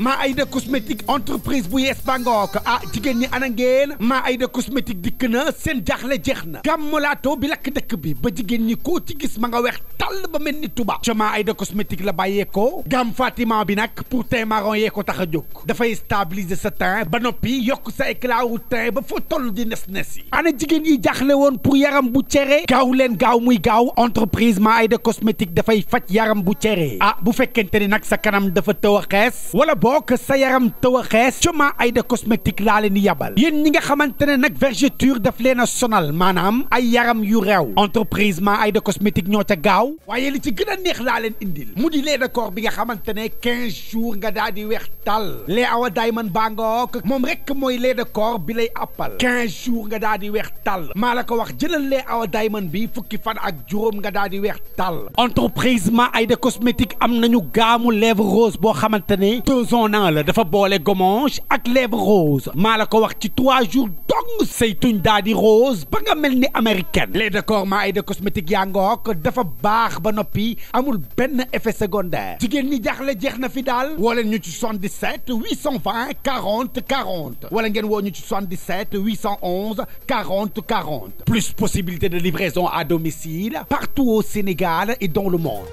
maa Aïda cosmétique entreprise bu yees bangook ah jigéen ñi ana ngeen maa Aïda cosmétique dikk na seen jaaxle jeex na gàmmolaato bi lakk dëkk bi ba jigéen ñi koo ci gis ma nga weex tàll ba mel ni tubaab ca maa Aïda cosmétique la bàyyee ko gamme Fatima bi nag pour teint marron yee ko tax a jóg dafay stabiliser sa teint ba noppi yokk sa éclat wu teint ba foo toll di nes nes yi ana jigéen yi jaaxle woon pour yaram bu cere gaaw leen gaaw muy gaaw entreprise maa Aïda cosmétique dafay faj yaram bu cere ah bu fekkente ni nag sa kanam dafa tëw a xees moo ko sa yaram taw a xees cuma ay de cosmétique laa leen di yabal yéen ñi nga xamante ne nag vergeture daf leen a maanaam ay yaram yu reew entreprise ma ay de cosmétique ñoo ca gaaw waaye li ci gën a neex laa leen indil mu di lait de corps bi nga xamante ne quinze jours nga daal di weex tàll lait awa diamond baa nga wook moom rek mooy lait de corps bi lay appal quinze jours nga daal di weex tal maa la ko wax jëlal lait awa man bi fukki fan ak juróom nga daal di weex tàll entreprise On a la dafa boole gommage ak lèvre rose maa la ko wax ci trois jours donc say tuñ daa di rose ba nga mel ni américaine les décor ma ay de cosmétique yaa ngook dafa baax ba noppi amul benn effet secondaire jigéen ñi jaxle jeex na fi daal woo ñu ci 77 820 40 40 wala ngeen woo ci 77 811 40 40 plus possibilité de livraison à domicile partout au Sénégal et dans le monde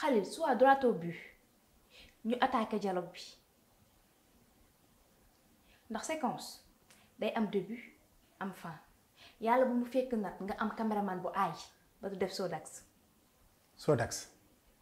Khalil soit droit au but attaquons le dialogue Dans la séquence day am début am fin fekk nga caméraman bu faire ba Sodax. Sodax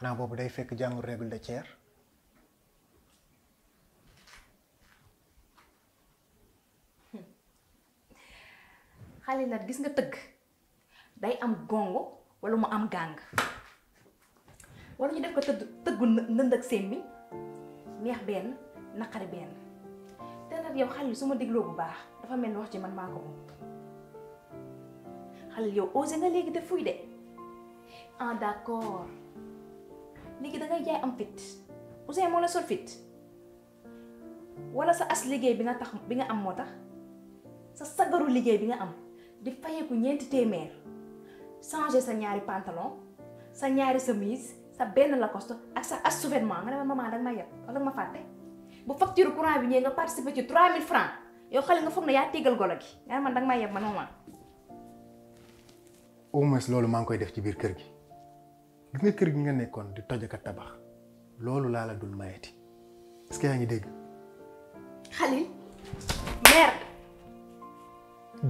n'a boobu day fekk une règle de tiers. Khalil gis nga Il day am gongo wala am gang? wala ñu def ko tëdd tëggu nënd ak semmi neex benn naqari benn te nag yow xalil su ma dégloo bu baax dafa mel wax ci man maa ko moom xalil yow osé nga léegi def fuy de ah d'accord léegi da ngay jaay am fit Ousseyn moo la sol fit wala sa as liggéey bi nga tax bi nga am moo tax sa sagaru liggéey bi nga am di fayeeku ñeenti téeméer changer sa ñaari pantalon sa ñaari chemise sa la costo ak sa as souvenement nga ne ma maman ma yeb wala ma faté bu facture courant bi ñe nga participer ci 3000 francs yo xale nga foog ne yaa tegal golo gi nga man dag ma yeb man maman. o moins lolu ma ngi koy def ci biir kër gi gis nga kër gi nga nekkon di toja ka tabax lolu la la dul mayeti est-ce que ya ngi dégg. Khalil merde.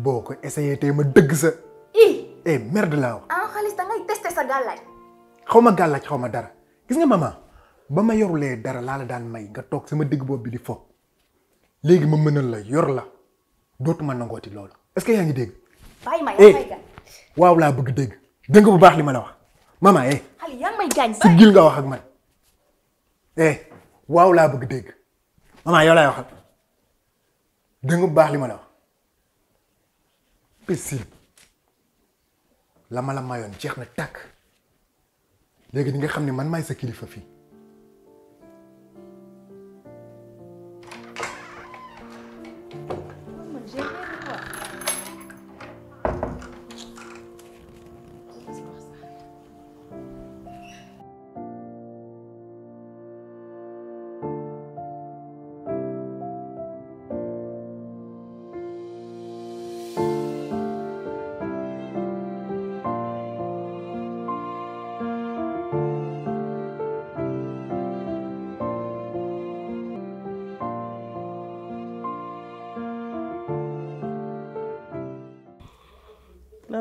boko ko essayé tey ma dëgg sa. i eh merde la wax. ah Khalil da ngay tester sa galay xaw ma gàllaaj xaw ma dara gis nga maman ba ma yorulee dara laa la daan may nga toog sama digg bopp bi di fo léegi ma mënal la yor la dootuma nangooti loolu est-ce que yaa ngi dégg. bàyyi ma eh, waaw laa bëgg dégg dégg bu baax li ma la wax maman eh. xale yaa may gaañ. wax ak man eh, waaw laa bëgg dégg maman bu baax li ma la la ma la mayoon jeex na tàkk. لكن نجا خمني من ما يسكيلي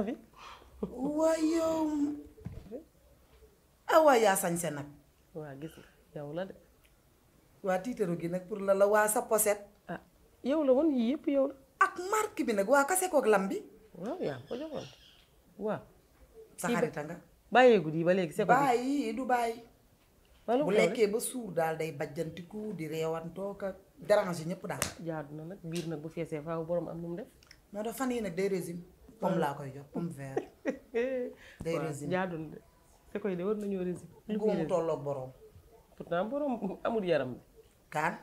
un yom, waaye yow ah waay yaa sañse nag waa gis yow ya la de waa tiitaru gi nag pour la la sa poset ah yow ya la woon yii iya yow ya la ak marque bi nag waa kase koog lam bi waaw yaa ko joxoon waaw sa xarita nga bàyyee guddi ba léegi se ko bàyyi du bàyyi bu lekkee ba day bajjantiku di reewantoo ka dérange ñëpp daal na nag biir bu feesee faaw borom am nu mu def moo tax fan yi day régime comme laa koy jox pomme vert. day résine jaadul de te koy de war nañoo résine. ñu mu tolloog borom. pourtant amul yaram bi. kaan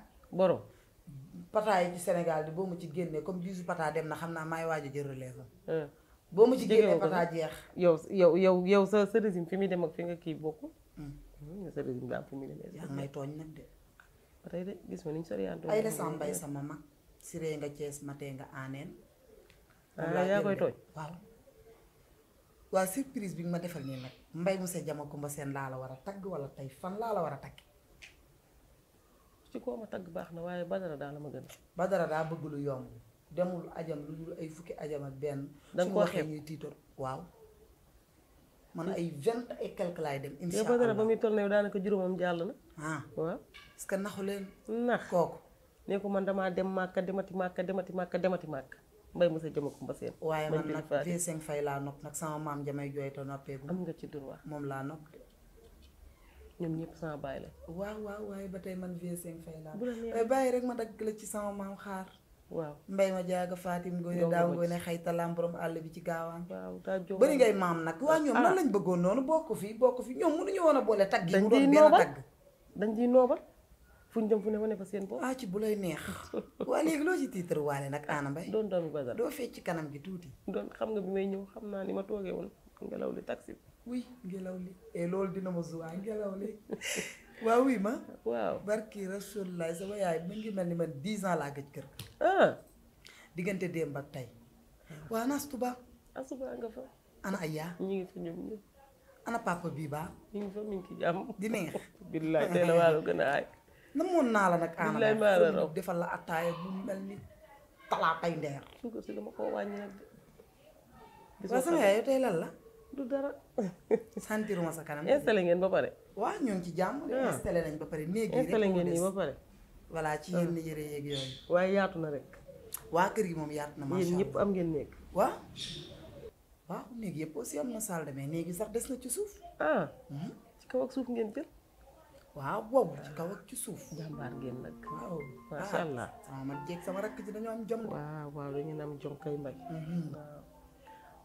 ci Sénégal di boo mu ci génnee comme jiisu pata dem na xam naa maay waaj a jël relève ah. boo mu ci génnee pata jeex. yow yow yow yow sa sa régime fi muy dem ak fi nga kii bokku hmm. hmm, sa régime daal fi muy demee. yaa may tooñ nag de. ba tey de gis ma ni ñu soriyaantoo. ay la Sambay sama mag. siree nga Cees matee nga aaneen. Ah, yaa koy tooñ waaw waaw surprise bi ma defal nii nag mbay jama kumba seen laa la war a tagg wala tey fan laa la war a ci koo ma tagg baax na waaye badara daa la ma gën badara daa bëgg lu yomb demul ajam lu dul ay fukki ajam ak benn danga koo xeeb ñuy tiitoon waaw man ay vingt et dem badara ba na yow daanaka juróomam na ah waaw parce que naxu leen nax kooku ne ko man damaa dem màkka demati màkka demati màkka demati màkka mbay ma sa jëma ko mba waaye man nag v fay laa nopp nag sama maam jamay jooy noppee am nga ci droit moom laa nopp de ñoom ñëpp sama bàyyi la waaw waaw waaye ba tey man V5 fay laa nopp eh, bàyyi rek ma dagg la ci sama maam xaar waaw mbay ma jaaga Fatim Ngoone daaw Ngoone xëy talaam àll bi ci gaawaan. waaw bëri ngay maam nag. waa ñoom lan ah. lañ bëggoon noonu bokk fii bokk fi ñoom mënuñu woon a boole tagg yi. dañ ciy benn tagg. dañ ciy noobal. fu ñu dem fu ne wane fa seen bopp. ah ci bu lay neex. waa léegi loo ci tiitar waale nag Anna Mbaye. doon doon bazal doo fecc ci kanam gi tuuti. doon xam nga bi may ñëw xam naa ni ma toogee woon ngelaw li taxi. oui ngelaw li et eh, dina ma suwaa ngelaw li waaw oui ma. waaw barki Rasulullah sama yaay mi ngi mel ni man dix ans laa gëj kër. ah. diggante démb ak tey. waa Nas Touba. Asuba nga fa. ana Aya. ñu ngi fa ñoom ñëpp. ana papa bii baa. ñu ngi fa mi jàmm. di neex. billaay tey la waa gën a aay. namoon nala nak nag. billaay maa raw defal la bu ni talaatay ndeer. suukar si dama koo wàññi nag. gisoo sama yaay tey lan la. du dara. santiruma sa kanam. installé ngeen ba pare. waaw ñoo ci jàmm. Ah. installé nañ ba pare néeg yi installé ngeen nii ba pare. voilà ci yenn ah. yëre yeeg yooyu. waaye yaatu na rek. waa kër gi na. allah am ngeen aussi am na salle de bain sax na ci ah. Mhm. ci kaw ak ngeen jël. Wow, wow, ci kaw ak Wow, suuf jàmbaar ngeen nag waaw macha allah wow, man jeeg sama rakk wow, dañoo am jom Wow, wow dañu am jom kay mbay wow,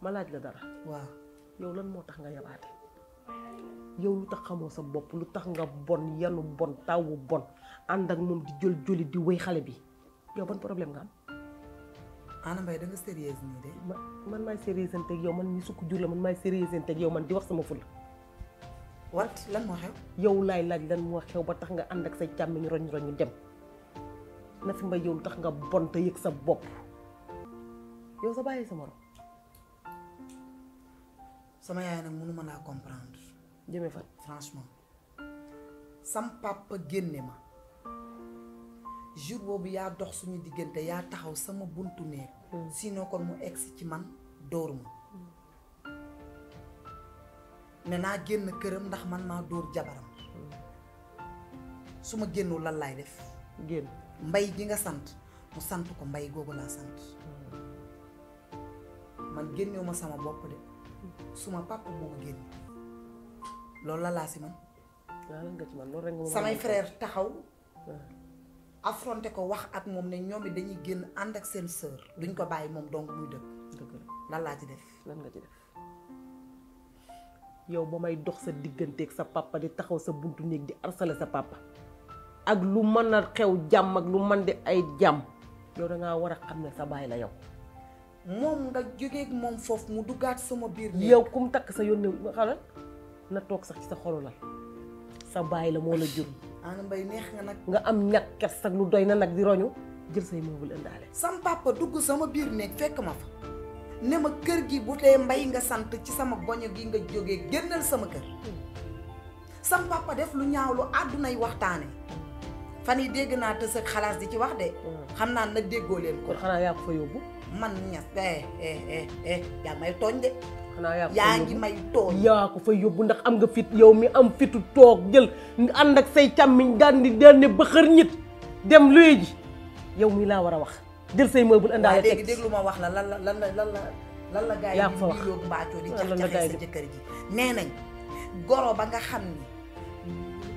Wow, laaj la dara waaw yow lan moo tax nga yabaate yow lu tax xamoo sa bopp lu tax nga bon yanu bon wow, bon ànd ak moom di jël wow, di wéy xale bi yow ban problème nga am ana mbay da nga sérieuse nii de man maay sérieuse wow, yow man wow, sukk jur la man maay sérieuse yow man di wax sama wat lan moo xew. yow laay laaj lan moo xew ba tax nga ànd ak say càmmiñ roñ roñu dem na fi ma yow tax nga bon te yëg sa bopp yow sa bàyyi sa morom. sama yaay nag mënuma laa comprendre. jëme fan franchement. sam papa génne ma jour boobu yaa dox suñu diggante yaa taxaw sama buntu néeg hmm. sinon kon mu si ci man dóoru ne naa génn këram ndax man ma door jabaram suma ma lan lay def génn mbay gi nga sant mu sant ko mbay gogo la sant man génnewu ma sama bop de suma papa mo génn la laa ci man sama frère taxaw ah. affronter ko wax ak mom ne ñoom dañuy génn and ak sen sœur duñ ko mom donc muy lan la ci def lan nga ci def yaw ba may dox sa digganteeg sa papa di taxaw sa buntu néeg di arsale sa papa ak lu mën a xew jàmm ak lu mën di ay jàmm yow da war a xam ne sa baay la yow. moom nga jógeeg moom foofu mu duggaat sama biir. yow kum takk sa yónnee xalal toog sax sa xolu la sa baay la moo la jur. ana neex nga nag. nga am ñàkk na nag di roñu jël sam papa dugg sama biir néeg fekk ma fa. ne ma kër gi bu dee mbay nga sant ci sama boño gi nga jógee génnal sama kër sam papa def lu ñaaw lu àddunay waxtaane fan yi dégg naa tës ak xalaas di ci wax de mm. xam naa nag déggoo leen ko xanaa yaa ko fa yóbbu man ñas eh eh eh, eh yaa may tooñ de yaa ngi ndax am nga fit yow mi am fitu toog jël ànd ak say càmmiñ daan di daan ne ba xër ñit dem luy ji yow mi laa war a wax jël say meuble indaale teg léegi déglu ma wax la lan la lan la lan la lan la gars yi di yóbbu mbaacoo di jaxjaxee jëkkër ji nee nañ goro ba nga xam ni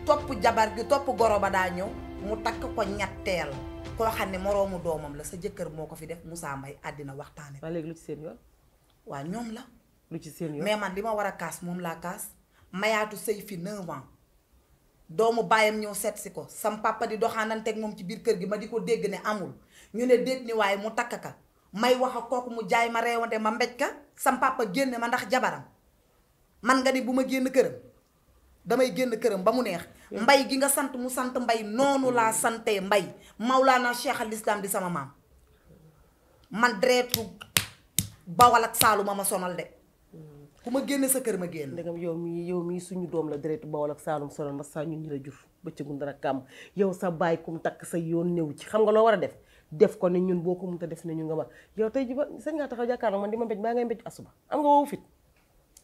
topp jabar gi topp goro ba daa ñëw mu takk ko ñetteel koo xam ne moroomu doomam la sa jëkkër moo ko fi def Moussa mbay àddina waxtaane waa léegi lu ci seen yoon waa ñoom la lu ci seen yoon mais man li ma war a kaas moom laa kaas mayaatu sëy fi 9 ans doomu baayam ñëw seet si ko sam papa di doxaananteeg moom ci biir kër gi ma di ko dégg ne amul ñu ne déet ni waaye mu takk ka may wax ak kooku mu jaay ma reewante ma mbéj ka sam papa génne ma ndax jabaram man nga ni bu ma génn këram damay génn këram ba mu neex mbay gi nga sant mu sant mbay noonu laa sante mbay Maulana Cheikh al Islam di sama maam man dreetu Bawal ak Saaluma ma sonal de ku ma génne sa kër ma génn ndegam yow mi yow mii suñu doom la direct Bawol ak Saalum sonal ma saa ñun ñi la jur bëccëgu dara kàmm yow sa bàyyi kum takk sa yoon néew ci xam nga loo war a def def ko ne ñun boo ko ta def ne ñu nga ma yow tey ji ba sañ ngaa taxaw jàkkaarloo man ma mbéj maa ngay mbéj asuba am nga woowu fit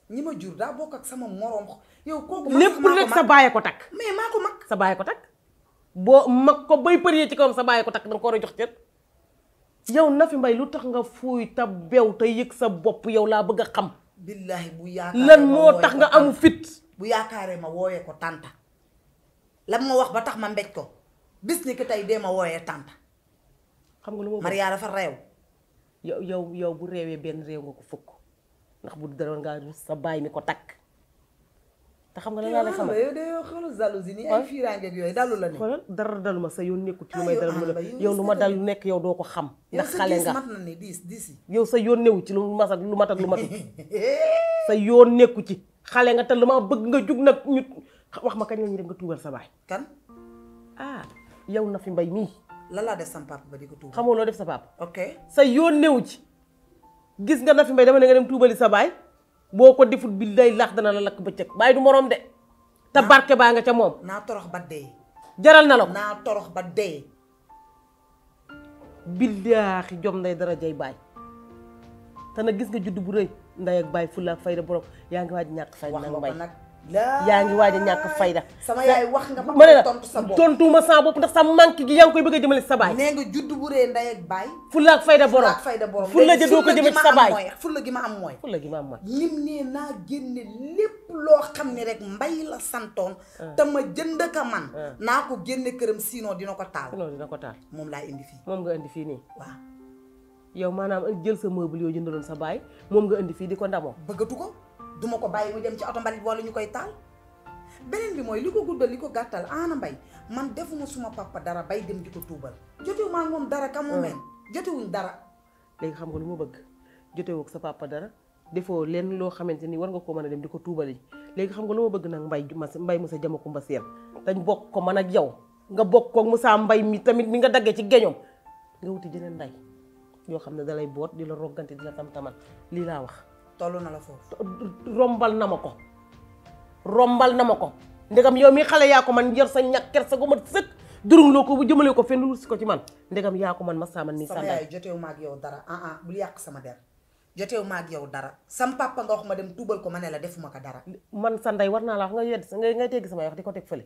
ñi ma jur daa bokk ak sama morom yow kooku lépp lépp ko takk mais maa ko mag sa bàyyi ko takk boo mag ko bay përiyee ci kawam sa bàyyi ko takk danga ko war a jox cër yow na fi mbay lu tax nga fuuy ta bew te yëg sa bopp yow laa bëgg a xam billahi bu yaakaaree lan moo tax nga amu fit. bu yaakaaree ma wooyee ko tànta lan ma wax ba tax ma mbéj ko bis ni ki tey dee ma wooyee tànta. xam nga lu ma Maria dafa réew. yow yow bu réewee benn réew nga ko fukk ndax bu dara ngaa sa baay mi ko takk. te xam nga lan laa lay xamal yow de yow xoolal jalousie nii ay yooyu dalu la ne xoolal dara dalu ma sa yoon nekku ci lu ah, may dara mu la yow lu ma dal lu nekk yow doo ko xam ndax xale nga mat na ne diis diis yi yow sa yoon newu ci lu mas ak lu mat ak lu matut sa yoon nekku ci xale nga te lu ma bëgg nga jug nag ñu wax ma kañ la ñu dem nga tuubal sa baay kan ah yow na fi mbay mii lan laa def sama papa ba di ko tuubal xamoo loo def sa papa ok sa yoon newu ci gis nga na fi mbay dama ne nga dem tuubali sa baay boo ko defut bi day lax dana la lakk bëccëg bàyyi du moroom de te barke baa nga ca moom naa torox ba dee jaral na la ko naa torox ba dee billaaxi jom nday dara jay baay te nag gis nga judd bu rëy nday ak baay fulla fay fayda borom yaa ngi waaj ñàkk fay nag yaa ngi waaj a ñàkk fayda sama yaay wax nga ma ne la tontuma sa bopp ndax sa manque gi yaa ngi koy bëgg a jëmale ci sa baay nee nga judd bu ree ndey ak baay fulla ak fayda borom fulla ja doo ko jëmale ci baay fulla gi ma mooy fulla gi ma am mooy lim nee lépp loo xam ne rek mbay la santoon ah. te ma jënd ka man ah. naa ko këram sinon dina ko taal sinon dina ko taal moom laa indi fii moom nga indi fii nii yow maanaam jël sa meuble yoo jëndaloon sa baay moom nga indi fii di ko ndamoo bëggatu ko duma ko bàyyi mu dem ci oto mbalit wala ñu koy taal beneen bi mooy li ko guddal li ko gàttal Anna Mbaye man defuma suma papa dara bay dem di ko tuubal jotewu maa moom dara ka mu ah. mel jotewuñ dara xam nga lu ma bëgg jotewu sa papa dara defoo lenn loo xamante ni war nga ko mën a dem di ko tuubali léegi xam nga lu ma bëgg nag mbay ma mbay mu sa jamakumba seen dañ bokk ko man ak yow nga bokk ko saa Mbay mi tamit mi nga dagge ci géñoom nga wuti jëneen nday yoo xam ne dalay boot di la roggante di la tam-tamal lii laa wax toll na la foofu. rombal na ma ko rombal na ma ko ndegam yow mi xale yaa ko man yor sa ñàkk kersa gu ma sëkk durum loo ko bu jëmale ko fenn si ko ci man ndegam yaa ko man ma saa man nii. sama yaay joteewu yow dara ah ah yàq sama der joteewu ma yow dara sam papa nga ma dem tuubal ko ma ne la defuma ko dara. man sa ndey war naa la wax nga yedd nga ngay teggi sama wax di ko teg fële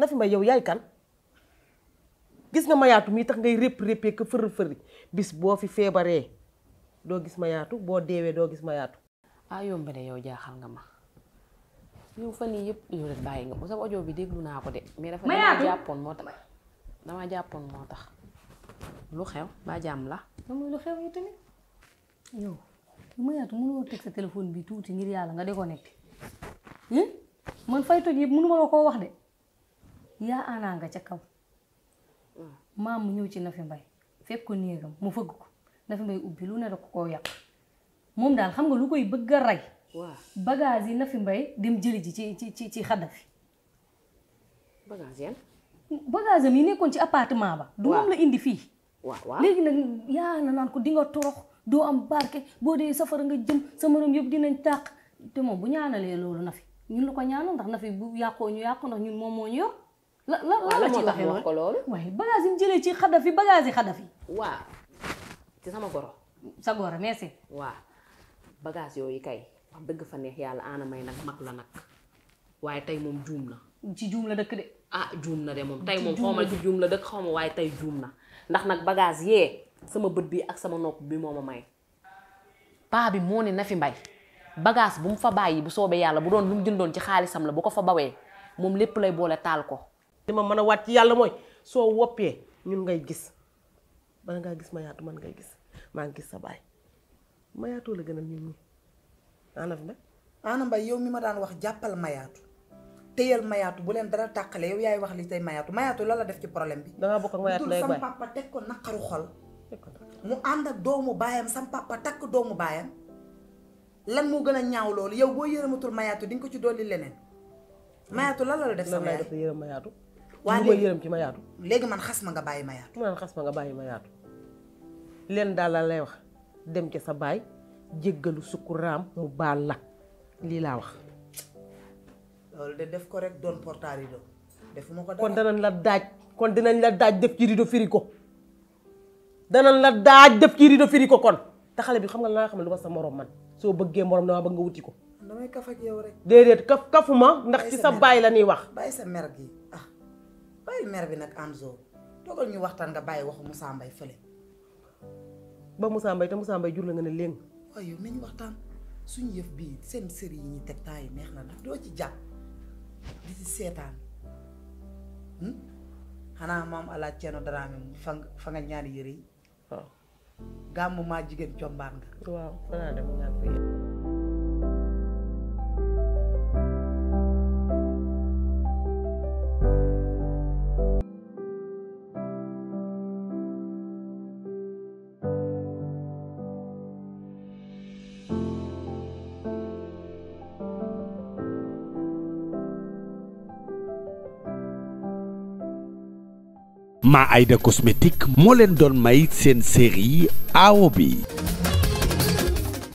na fi may yow yaay kan. gis nga mayaatu mii tax ngay répp réppee ko fër fëri bis boo fi feebaree doo gis ma mayaatu boo deewee doo gis mayaatu ah yomb ne yow jaaxal nga ma yow fan yii yëpp yow de bàyyi nga ko sama audio bi déglu naa ko de. mais dafa damaa jàppoon moo tax jàppoon moo tax. lu xew ba jàmm la. lu xew yi tamit yow teg sa téléphone bi tuuti ngir yàlla nga déconnecté man fay toj yëpp mënuma la koo wax de yaa ana nga ca kaw hmm. maam mu ñëw ci Nafi Mbay fekk ko néegam mu fëgg ko Nafi Mbay ubbi lu ne da ko koo yàq. moom daal xam nga lu koy bëgg a rey. waaw yi Nafi Mbaye dem jëli ji ci ci ci ci Xaddafi. bagage yan. bagage am yi nekkoon ci appartement ba. du moom la indi fii. waaw léegi nag yaa na naan ko dinga nga torox doo am barke boo dee safara nga jëm sa morom yëpp dinañ tàq te moom bu ñaanalee loolu Nafi ñun lu ko ñaana ndax Nafi bu yàqoo ñu yàqu ndax ñun moom moo ñu la la la ci waxee wax ko loolu waaye bagage yi jëlee ci Xaddafi bagage yi Xaddafi. waaw ci sa goro merci. bagage yooyu kay wax dëgg fa neex yàlla ana may nag mag la nag waaye tey moom juum na. ci juum la dëkk de. ah juum na de moom tey moom xaw ma ci juum la dëkk xaw ma waaye tey juum na ndax nag bagage yee sama bët bi ak sama nopp bi moo ma may. paa bi moo ne na fi mbay bagage bu mu fa bàyyi bu soobee yàlla bu doon lu mu jëndoon ci xaalisam la bu ko fa bawee moom lépp lay boole taal ko. li ma mën a waat ci yàlla mooy soo woppee ñun ngay gis bala ngaa gis ma yaatu man ngay gis maa ngi gis sa baay. mayaatoo la gënal ñun ñi anaf nag ana mbay yow mi ma daan wax jàppal mayaatu téyal mayaatu bu leen dara tàqale yow yaay wax li tey mayaatu mayaatu la la def ci problème bi dangaa bokk ak mayaatu lay sam papa teg ko naqaru xol ànd ak doomu baayam sam papa takk doomu baayam lan moo gën a ñaaw loolu yow boo yërëmatul mayaatu di ko ci dolli leneen mayaatu lan la la def sa def mayaatu waaye léegi yërëm ci mayaatu léegi man xas ma nga bàyyi mayaatu man xas ma nga bàyyi mayaatu leen daal la lay wax dem ca sa baay jéggalu sukkuraam mu baal la lii laa wax. loolu de def ko rek doon portaari do ko kon danañ la daaj kon dinañ la daaj def ci rido firi ko def ci rido firi ko kon te xale bi xam nga la nga xam ne lu ma sa moroom man soo bëggee morom damaa bëgg nga wuti ko. damay kaf ak yow rek. déedéet kaf kafuma ndax ci sa baay la ñuy wax. bàyyi sa mer gi ah bi nag Anzo toogal ñu waxtaan nga bàyyi waxu Moussa Mbaye ba Moussa Mbaye te Moussa Mbaye jur la nga ne léegi. waaw yow nañu waxtaan suñu yëf bii seen série yi ñuy teg temps yi neex na ndax doo ci jàpp di ci seetaan hmm? xanaa maam alaaj ceeno daraame fa fa nga ñaari yëre yi. waaw gàmmu maa jigéen combaan nga. waaw fa naa dem ñaan ko maa Aïda cosmétique moo leen doon may seen série awo bi